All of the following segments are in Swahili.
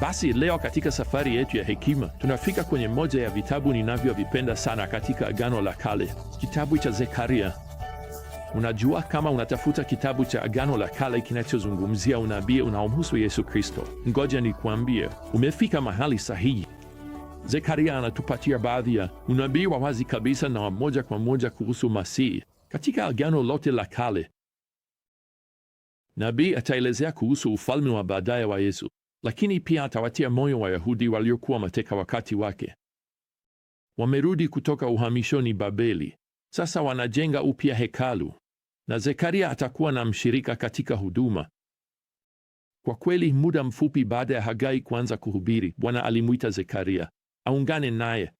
Basi leo katika safari yetu ya hekima tunafika kwenye moja ya vitabu ninavyovipenda sana katika Agano la Kale, kitabu cha Zekaria. Unajua, kama unatafuta kitabu cha Agano la Kale kinachozungumzia unabii unaomhusu Yesu Kristo, ngoja nikuambie, umefika mahali sahihi. Zekaria anatupatia baadhi ya unabii wa wazi kabisa na wa moja kwa moja kuhusu Masihi katika Agano lote la Kale. Nabii ataelezea kuhusu ufalme wa baadaye wa Yesu lakini pia atawatia moyo Wayahudi waliokuwa mateka wakati wake. Wamerudi kutoka uhamishoni Babeli, sasa wanajenga upya hekalu, na Zekaria atakuwa na mshirika katika huduma. Kwa kweli, muda mfupi baada ya Hagai kuanza kuhubiri, Bwana alimuita Zekaria aungane naye.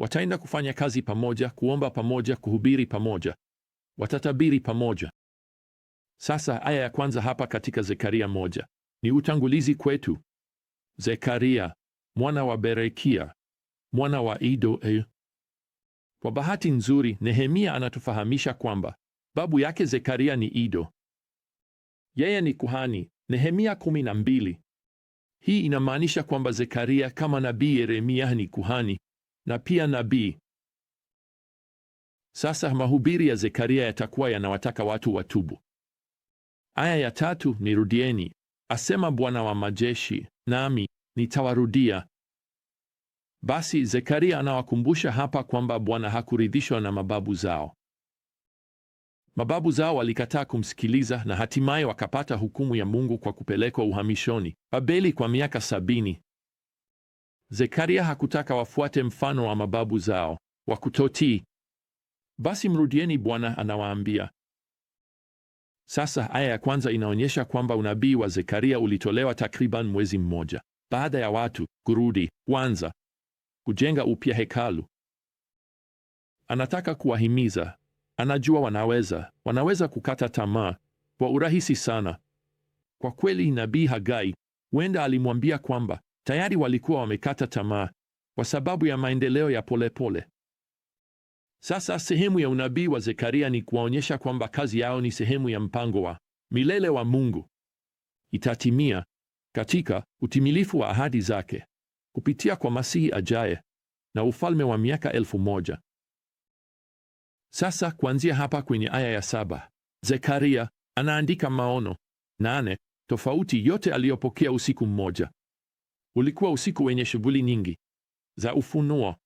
Wataenda kufanya kazi pamoja, kuomba pamoja, kuhubiri pamoja, watatabiri pamoja. Sasa aya ya kwanza hapa katika Zekaria moja ni utangulizi kwetu. Zekaria mwana wa Berekia mwana wa Ido. E, Kwa bahati nzuri, Nehemia anatufahamisha kwamba babu yake Zekaria ni Ido, yeye ni kuhani. Nehemia mbili. Hii inamaanisha kwamba Zekaria kama nabii Yeremia ni kuhani na pia nabii. Sasa mahubiri ya Zekaria yatakuwa yanawataka watu watubu. Aya ya tatu, nirudieni asema Bwana wa majeshi, nami nitawarudia. Basi Zekaria anawakumbusha hapa kwamba Bwana hakuridhishwa na mababu zao. Mababu zao walikataa kumsikiliza na hatimaye wakapata hukumu ya Mungu kwa kupelekwa uhamishoni Babeli kwa miaka sabini. Zekaria hakutaka wafuate mfano wa mababu zao wa kutotii. Basi mrudieni Bwana, anawaambia, sasa aya ya kwanza inaonyesha kwamba unabii wa Zekaria ulitolewa takriban mwezi mmoja baada ya watu kurudi kwanza kujenga upya hekalu. Anataka kuwahimiza, anajua wanaweza wanaweza kukata tamaa kwa urahisi sana. Kwa kweli, nabii Hagai huenda alimwambia kwamba tayari walikuwa wamekata tamaa kwa sababu ya maendeleo ya polepole pole sasa sehemu ya unabii wa Zekaria ni kuwaonyesha kwamba kazi yao ni sehemu ya mpango wa milele wa Mungu. Itatimia katika utimilifu wa ahadi zake kupitia kwa Masihi ajaye na ufalme wa miaka elfu moja. Sasa kuanzia hapa kwenye aya ya saba, Zekaria anaandika maono nane tofauti yote aliyopokea usiku mmoja. Ulikuwa usiku wenye shughuli nyingi za ufunuo.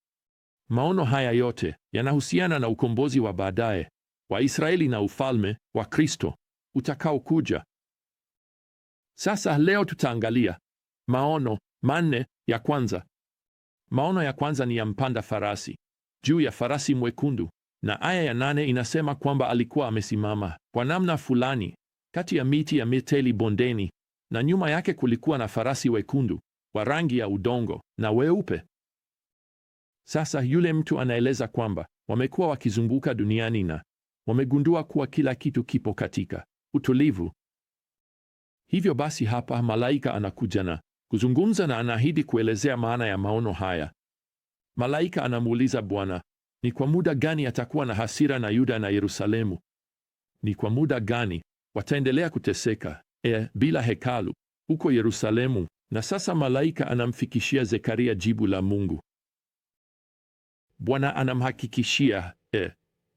Maono haya yote yanahusiana na ukombozi wa baadaye wa Israeli na ufalme wa Kristo utakaokuja. Sasa leo tutaangalia maono manne ya kwanza. Maono ya kwanza ni ya mpanda farasi juu ya farasi mwekundu, na aya ya nane inasema kwamba alikuwa amesimama kwa namna fulani kati ya miti ya miteli bondeni, na nyuma yake kulikuwa na farasi wekundu wa rangi ya udongo na weupe sasa yule mtu anaeleza kwamba wamekuwa wakizunguka duniani na wamegundua kuwa kila kitu kipo katika utulivu. Hivyo basi, hapa malaika anakuja na kuzungumza na anaahidi kuelezea maana ya maono haya. Malaika anamuuliza Bwana, ni kwa muda gani atakuwa na hasira na Yuda na Yerusalemu? Ni kwa muda gani wataendelea kuteseka e, bila hekalu huko Yerusalemu? Na sasa malaika anamfikishia Zekaria jibu la Mungu Bwana anamhakikishia eh,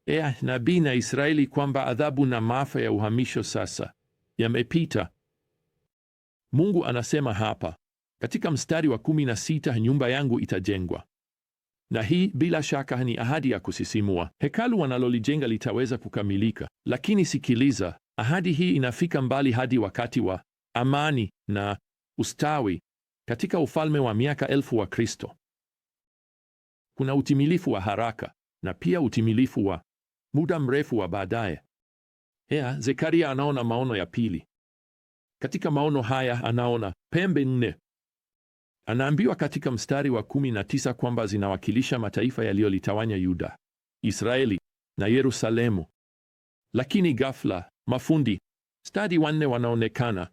eh, nabii na Israeli kwamba adhabu na maafa ya uhamisho sasa yamepita. Mungu anasema hapa katika mstari wa 16, nyumba yangu itajengwa. Na hii bila shaka ni ahadi ya kusisimua. Hekalu wanalolijenga litaweza kukamilika, lakini sikiliza, ahadi hii inafika mbali hadi wakati wa amani na ustawi katika ufalme wa miaka elfu wa Kristo. Kuna utimilifu wa haraka na pia utimilifu wa muda mrefu wa baadaye. Hea, Zekaria anaona maono ya pili. Katika maono haya anaona pembe nne. Anaambiwa katika mstari wa kumi na tisa kwamba zinawakilisha mataifa yaliyolitawanya Yuda, Israeli na Yerusalemu. Lakini ghafla mafundi stadi wanne wanaonekana.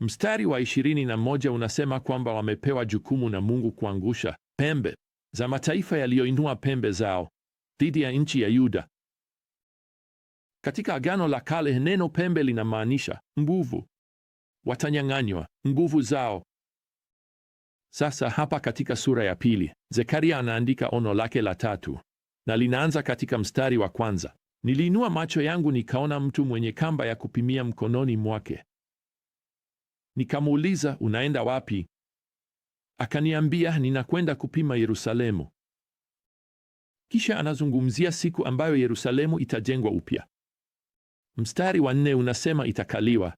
Mstari wa ishirini na moja unasema kwamba wamepewa jukumu na Mungu kuangusha pembe za mataifa yaliyoinua pembe zao dhidi ya nchi ya Yuda. Katika Agano la Kale neno pembe linamaanisha nguvu. Watanyang'anywa nguvu zao. Sasa hapa katika sura ya pili, Zekaria anaandika ono lake la tatu na linaanza katika mstari wa kwanza. Niliinua macho yangu nikaona mtu mwenye kamba ya kupimia mkononi mwake. Nikamuuliza, unaenda wapi? Akaniambia, ninakwenda kupima Yerusalemu. Kisha anazungumzia siku ambayo Yerusalemu itajengwa upya. Mstari wa nne unasema itakaliwa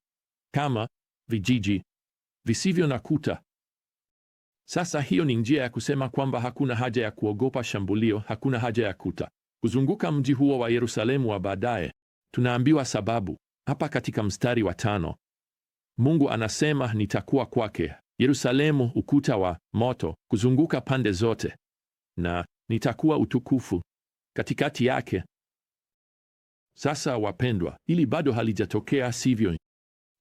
kama vijiji visivyo na kuta. Sasa hiyo ni njia ya kusema kwamba hakuna haja ya kuogopa shambulio, hakuna haja ya kuta kuzunguka mji huo wa Yerusalemu wa baadaye. Tunaambiwa sababu hapa katika mstari wa tano. Mungu anasema nitakuwa kwake Yerusalemu ukuta wa moto kuzunguka pande zote, na nitakuwa utukufu katikati yake. Sasa wapendwa, ili bado halijatokea, sivyo?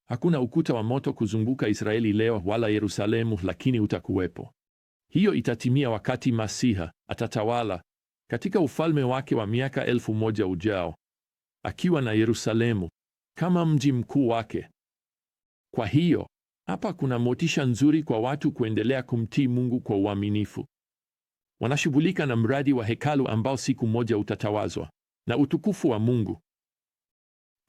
Hakuna ukuta wa moto kuzunguka Israeli leo wala Yerusalemu, lakini utakuwepo. Hiyo itatimia wakati Masiha atatawala katika ufalme wake wa miaka elfu moja ujao, akiwa na Yerusalemu kama mji mkuu wake. Kwa hiyo hapa kuna motisha nzuri kwa watu kuendelea kumtii Mungu kwa uaminifu. Wanashughulika na mradi wa hekalu ambao siku moja utatawazwa na utukufu wa Mungu,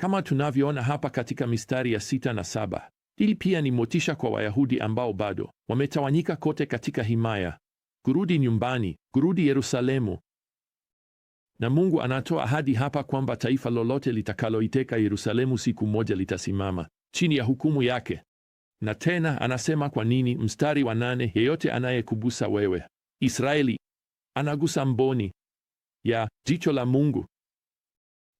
kama tunavyoona hapa katika mistari ya sita na saba. Hili pia ni motisha kwa Wayahudi ambao bado wametawanyika kote katika himaya, kurudi nyumbani, kurudi Yerusalemu. Na Mungu anatoa ahadi hapa kwamba taifa lolote litakaloiteka Yerusalemu siku moja litasimama chini ya hukumu yake. Na tena anasema kwa nini, mstari wa nane, yeyote anayekugusa wewe Israeli anagusa mboni ya jicho la Mungu.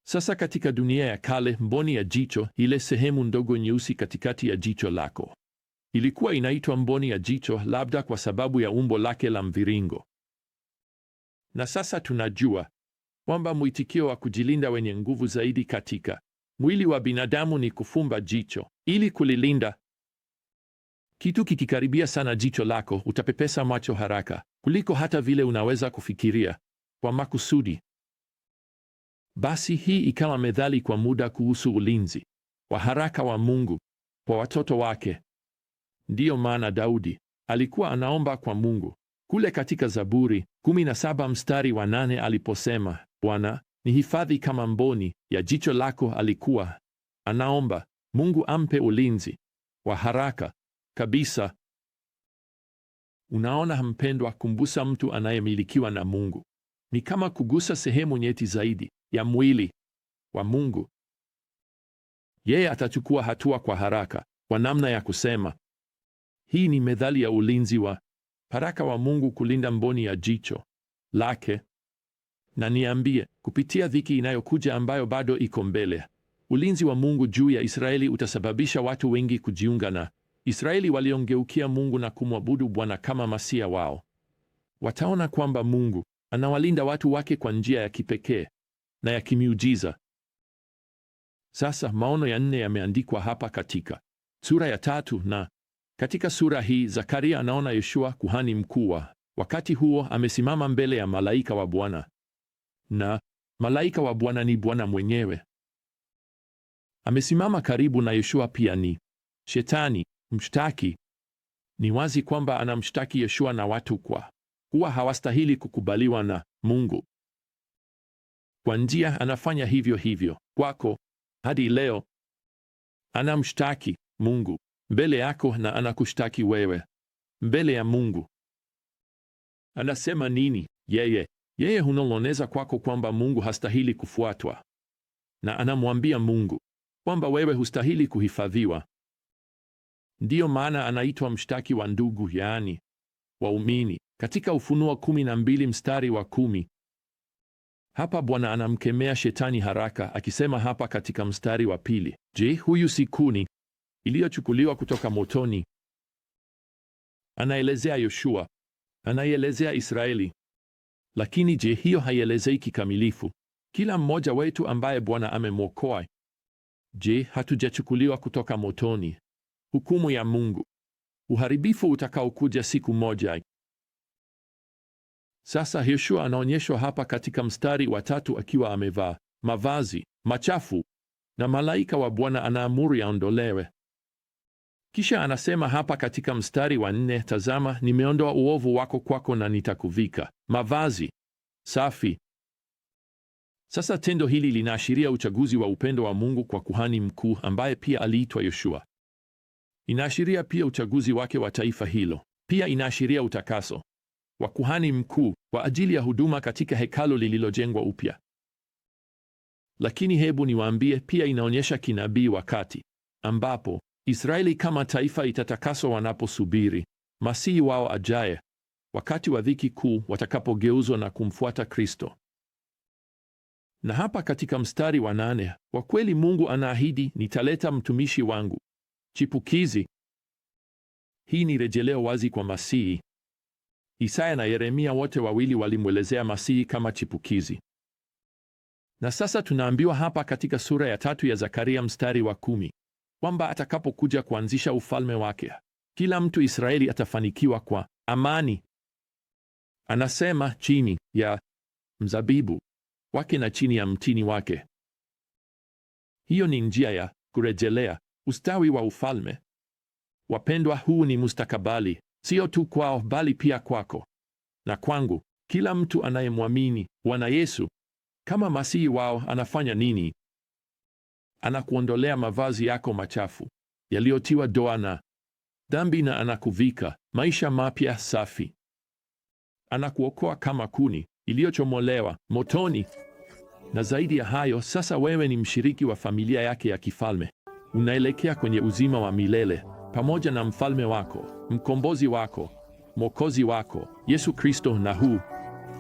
Sasa katika dunia ya kale, mboni ya jicho, ile sehemu ndogo nyeusi katikati ya jicho lako, ilikuwa inaitwa mboni ya jicho, labda kwa sababu ya umbo lake la mviringo. Na sasa tunajua kwamba mwitikio wa kujilinda wenye nguvu zaidi katika mwili wa binadamu ni kufumba jicho ili kulilinda kitu kikikaribia sana jicho lako, utapepesa macho haraka kuliko hata vile unaweza kufikiria kwa makusudi. Basi hii ikawa methali kwa muda kuhusu ulinzi wa haraka wa Mungu kwa watoto wake. Ndiyo maana Daudi alikuwa anaomba kwa Mungu kule katika Zaburi 17 mstari wa 8 aliposema, Bwana nihifadhi kama mboni ya jicho lako. Alikuwa anaomba Mungu ampe ulinzi wa haraka kabisa. Unaona mpendwa, kumgusa mtu anayemilikiwa na Mungu ni kama kugusa sehemu nyeti zaidi ya mwili wa Mungu. Yeye atachukua hatua kwa haraka, kwa namna ya kusema. Hii ni medhali ya ulinzi wa paraka wa Mungu kulinda mboni ya jicho lake. Na niambie, kupitia dhiki inayokuja ambayo bado iko mbele, ulinzi wa Mungu juu ya Israeli utasababisha watu wengi kujiunga na Israeli waliongeukia Mungu na kumwabudu Bwana kama masia wao wataona kwamba Mungu anawalinda watu wake kwa njia ya kipekee na ya kimiujiza. Sasa maono ya nne yameandikwa hapa katika sura ya tatu, na katika sura hii Zakaria anaona Yoshua kuhani mkuu wa wakati huo amesimama mbele ya malaika wa Bwana, na malaika wa Bwana ni Bwana mwenyewe. Amesimama karibu na Yoshua pia ni Shetani mshtaki. Ni wazi kwamba anamshtaki Yeshua na watu kwa kuwa hawastahili kukubaliwa na Mungu. Kwa njia, anafanya hivyo hivyo kwako hadi leo. Anamshtaki Mungu mbele yako na anakushtaki wewe mbele ya Mungu. Anasema nini yeye? Yeye hunong'oneza kwako kwamba Mungu hastahili kufuatwa, na anamwambia Mungu kwamba wewe hustahili kuhifadhiwa. Ndiyo maana anaitwa mshtaki wa ndugu, yaani waumini, katika Ufunuo kumi na mbili mstari wa kumi. Hapa Bwana anamkemea shetani haraka akisema hapa katika mstari wa pili, je, huyu si kuni iliyochukuliwa kutoka motoni? Anaelezea Yoshua, anaielezea Israeli. Lakini je, hiyo haielezei kikamilifu kila mmoja wetu ambaye Bwana amemwokoa? Je, hatujachukuliwa kutoka motoni? hukumu ya Mungu, uharibifu utakaokuja siku moja. Sasa Yoshua anaonyeshwa hapa katika mstari wa tatu akiwa amevaa mavazi machafu na malaika wa Bwana anaamuru yaondolewe. Kisha anasema hapa katika mstari wa nne, tazama, nimeondoa uovu wako kwako na nitakuvika mavazi safi. Sasa tendo hili linaashiria uchaguzi wa upendo wa Mungu kwa kuhani mkuu ambaye pia aliitwa Yoshua. Inaashiria pia uchaguzi wake wa taifa hilo. Pia inaashiria utakaso wa kuhani mkuu kwa ajili ya huduma katika hekalo lililojengwa upya. Lakini hebu niwaambie, pia inaonyesha kinabii wakati ambapo Israeli kama taifa itatakaswa wanaposubiri Masihi wao ajaye, wakati wa dhiki kuu, watakapogeuzwa na kumfuata Kristo. Na hapa katika mstari wa nane, kwa kweli Mungu anaahidi, nitaleta mtumishi wangu Chipukizi. Hii ni rejeleo wazi kwa Masihi. Isaya na Yeremia wote wawili walimwelezea Masihi kama chipukizi. Na sasa tunaambiwa hapa katika sura ya tatu ya Zakaria mstari wa kumi kwamba atakapokuja kuanzisha ufalme wake, kila mtu Israeli atafanikiwa kwa amani. Anasema chini ya mzabibu wake na chini ya mtini wake. Hiyo ni njia ya kurejelea ustawi wa ufalme. Wapendwa, huu ni mustakabali, sio tu kwao, bali pia kwako na kwangu. Kila mtu anayemwamini Bwana Yesu kama masihi wao anafanya nini? Anakuondolea mavazi yako machafu yaliyotiwa doa na dhambi na anakuvika maisha mapya safi. Anakuokoa kama kuni iliyochomolewa motoni, na zaidi ya hayo, sasa wewe ni mshiriki wa familia yake ya kifalme unaelekea kwenye uzima wa milele pamoja na mfalme wako, mkombozi wako, mwokozi wako Yesu Kristo, na huu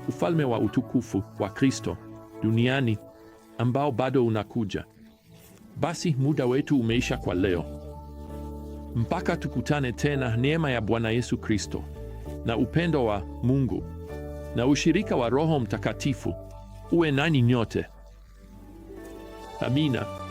ufalme wa utukufu wa Kristo duniani ambao bado unakuja. Basi muda wetu umeisha kwa leo. Mpaka tukutane tena, neema ya Bwana Yesu Kristo na upendo wa Mungu na ushirika wa Roho Mtakatifu uwe nani nyote. Amina.